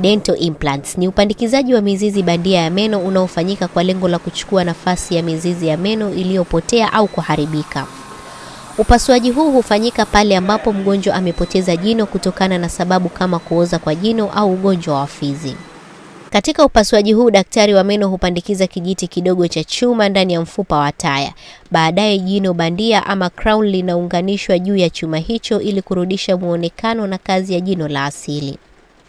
Dental implants ni upandikizaji wa mizizi bandia ya meno unaofanyika kwa lengo la kuchukua nafasi ya mizizi ya meno iliyopotea au kuharibika. Upasuaji huu hufanyika pale ambapo mgonjwa amepoteza jino kutokana na sababu kama kuoza kwa jino au ugonjwa wa fizi. Katika upasuaji huu, daktari wa meno hupandikiza kijiti kidogo cha chuma ndani ya mfupa wa taya. Baadaye jino bandia ama crown linaunganishwa juu ya chuma hicho ili kurudisha muonekano na kazi ya jino la asili.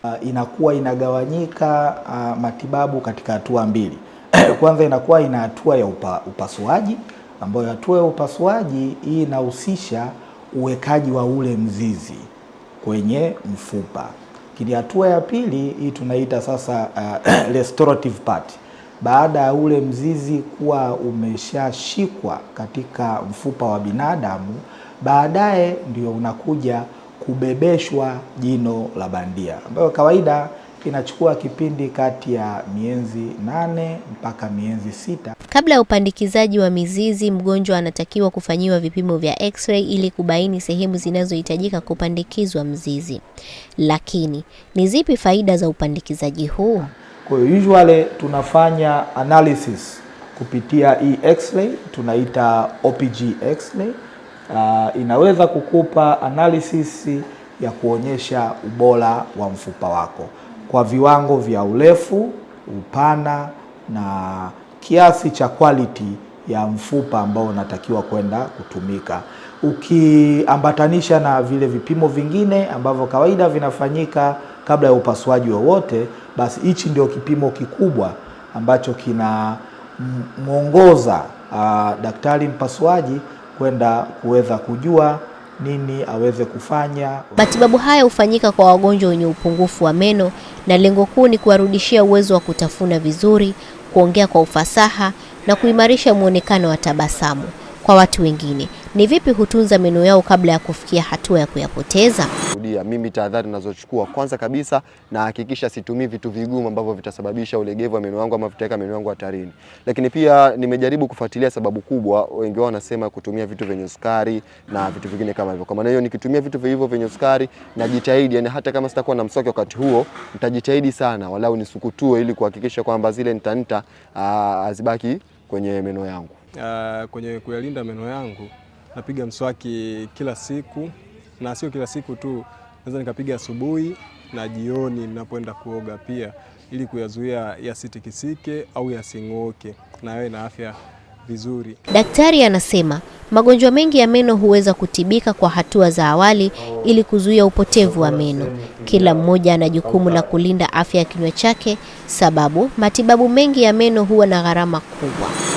Uh, inakuwa inagawanyika uh, matibabu katika hatua mbili. Kwanza inakuwa ina hatua ya upa, upasuaji ambayo hatua ya upasuaji hii inahusisha uwekaji wa ule mzizi kwenye mfupa. Lakini hatua ya pili hii tunaita sasa uh, restorative part. Baada ya ule mzizi kuwa umeshashikwa katika mfupa wa binadamu, baadaye ndio unakuja kubebeshwa jino la bandia ambayo kawaida kinachukua kipindi kati ya miezi nane mpaka miezi sita. Kabla ya upandikizaji wa mizizi, mgonjwa anatakiwa kufanyiwa vipimo vya x-ray ili kubaini sehemu zinazohitajika kupandikizwa mzizi. Lakini ni zipi faida za upandikizaji huu? Kwa hiyo usually tunafanya analysis kupitia hii x-ray tunaita OPG x-ray. Uh, inaweza kukupa analysis ya kuonyesha ubora wa mfupa wako kwa viwango vya urefu, upana na kiasi cha quality ya mfupa ambao unatakiwa kwenda kutumika, ukiambatanisha na vile vipimo vingine ambavyo kawaida vinafanyika kabla ya upasuaji wowote. Basi hichi ndio kipimo kikubwa ambacho kinamwongoza ah, daktari mpasuaji kwenda kuweza kujua nini aweze kufanya. Matibabu haya hufanyika kwa wagonjwa wenye upungufu wa meno na lengo kuu ni kuwarudishia uwezo wa kutafuna vizuri, kuongea kwa ufasaha na kuimarisha mwonekano wa tabasamu. Kwa watu wengine, ni vipi hutunza meno yao kabla ya kufikia hatua ya kuyapoteza? kurudia. Mimi tahadhari ninazochukua, kwanza kabisa nahakikisha situmii vitu vigumu ambavyo vitasababisha ulegevu wa meno yangu ama vitaweka meno yangu hatarini. Lakini pia nimejaribu kufuatilia sababu kubwa, wengi wao wanasema kutumia vitu vyenye sukari na vitu vingine kama hivyo. Kwa maana hiyo, nikitumia vitu hivyo vyenye sukari najitahidi, yani hata kama sitakuwa na mswaki wakati huo, nitajitahidi sana walau nisukutue, ili kuhakikisha kwamba zile nitanita azibaki ah, kwenye meno yangu. Uh, kwenye kuyalinda meno yangu napiga mswaki kila siku na sio kila siku tu, naweza nikapiga asubuhi na jioni ninapoenda kuoga pia, ili kuyazuia yasitikisike au yasing'oke na yawe na afya vizuri. Daktari anasema magonjwa mengi ya meno huweza kutibika kwa hatua za awali ili kuzuia upotevu wa meno. Kila mmoja ana jukumu la kulinda afya ya kinywa chake, sababu matibabu mengi ya meno huwa na gharama kubwa.